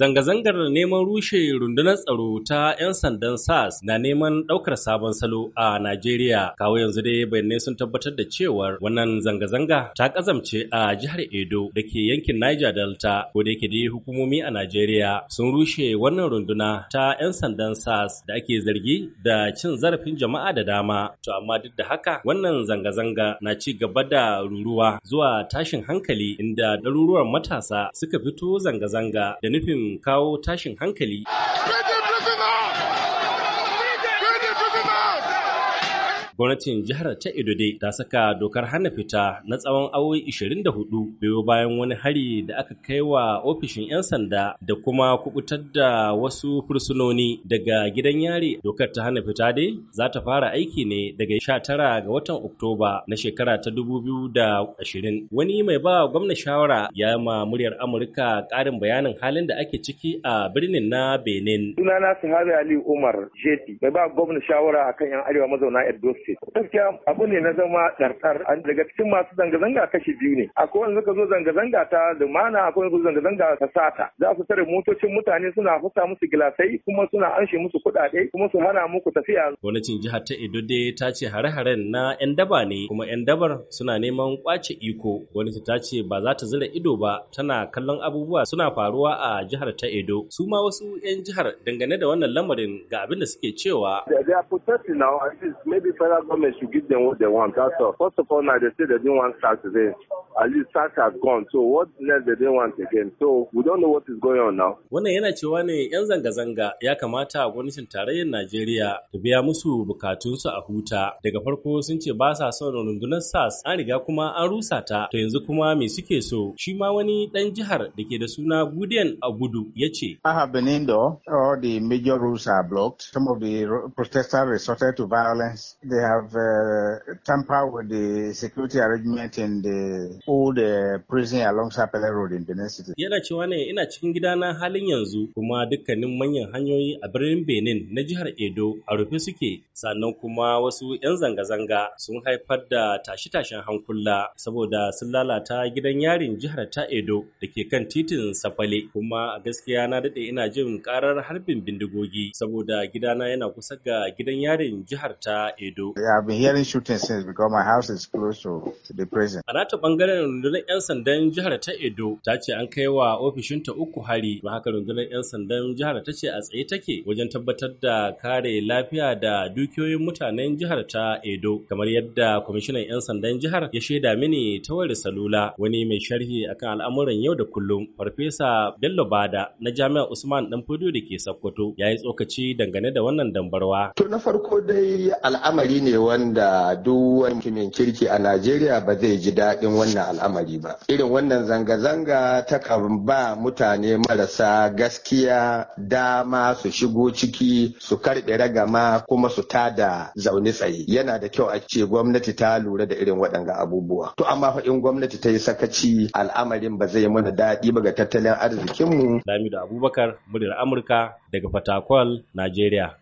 Zanga-zangar neman rushe rundunar tsaro ta 'yan sandan SARS na neman ɗaukar sabon salo a Najeriya. Kawo yanzu dai bayanai sun tabbatar da cewar wannan zanga-zanga ta kazamce a jihar Edo da ke yankin Niger Delta ko da yake dai hukumomi a Najeriya sun rushe wannan runduna ta 'yan sandan SARS da ake zargi da cin zarafin jama'a da dama. To amma duk da haka wannan zanga-zanga na ci gaba da ruruwa zuwa tashin hankali inda ɗaruruwan matasa suka fito zanga-zanga da nufin In kawo tashin hankali. gwamnatin jihar ta Edo dai ta saka dokar hana fita na tsawon awoyi hudu. biyo bayan wani hari da aka kai wa ofishin 'yan sanda da kuma kubutar da wasu fursunoni daga gidan yari. Dokar ta hana fita dai za ta fara aiki ne daga sha tara ga watan Oktoba na shekara ta 2020. Wani mai ba gwamna shawara ya ma muryar Amurka ƙarin bayanin halin da ake ciki a birnin na Benin. Sunana Sahabi Ali Umar Jeti mai ba gwamna shawara akan 'yan arewa mazauna Edo State. ce gaskiya abu ne na zama ɗarɗar daga cikin masu zanga-zanga kashi biyu ne akwai wanda suka zo zanga-zanga ta lumana akwai wanda zanga-zanga ta sata za su tare motocin mutane suna fasa musu gilasai kuma suna anshe musu kuɗaɗe kuma su hana muku tafiya gwamnatin jihar ta edo dai ta ce hare-haren na 'yan daba ne kuma 'yan dabar suna neman kwace iko gwamnati ta ce ba za ta zira ido ba tana kallon abubuwa suna faruwa a jihar ta edo su ma wasu 'yan jihar dangane da wannan lamarin ga abin da suke cewa federal government should give them what they want. That's all. First of all, now they say they didn't want tax today. at least SARS has gone. So what next they didn't want again. So we don't know what is going on now. Wannan yana cewa ne 'yan zanga-zanga ya kamata gwamnatin tarayyar Najeriya ta biya musu su a huta. Daga farko sun ce ba sa son rundunar SARS an riga kuma an rusa ta to yanzu kuma me suke so. Shi ma wani ɗan jihar da ke da suna Gudian Agudu ya ce. I have been though. All the major roads are blocked. Some of the protesters resorted to violence. They have uh, tampered with the security arrangement in the all da prison along sapele Road in Benin City. Yana cewa ne ina cikin gidana halin yanzu kuma dukkanin manyan hanyoyi a birnin Benin na jihar Edo a rufe suke sannan kuma wasu 'yan zanga-zanga sun haifar da tashe-tashen hankula saboda sun lalata gidan yarin jihar ta Edo da ke kan titin Safale kuma a gaskiya na daɗe ina jin karar harbin bindigogi saboda gidana yana kusa ga gidan yarin jihar ta Edo. I have been hearing shooting since because my house is close to the prison. A nata bangaren sakataren rundunar 'yan sandan jihar ta Edo ta ce an kai wa ofishinta uku hari ba haka rundunar 'yan sandan jihar ta ce a tsaye take wajen tabbatar da kare lafiya da dukiyoyin mutanen jihar ta Edo kamar yadda kwamishinan 'yan sandan jihar ya shaida mini ta wayar salula wani mai sharhi akan al'amuran yau da kullum farfesa Bello Bada na jami'ar Usman Fodio da ke Sokoto ya yi tsokaci dangane da wannan dambarwa. To na farko dai al'amari ne wanda duk wani kimin kirki a Najeriya ba zai ji daɗin wannan al'amari ba irin wannan zanga-zanga ta kan ba mutane marasa gaskiya dama su shigo ciki su karɓe ragama kuma su tada zaune tsaye yana da kyau a ce gwamnati ta lura da irin waɗanga abubuwa to amma fa in gwamnati ta yi sakaci al'amarin ba zai mana daɗi ba ga tattalin arzikinmu Lamido Abubakar muryar Amurka daga Fatakwal Najeriya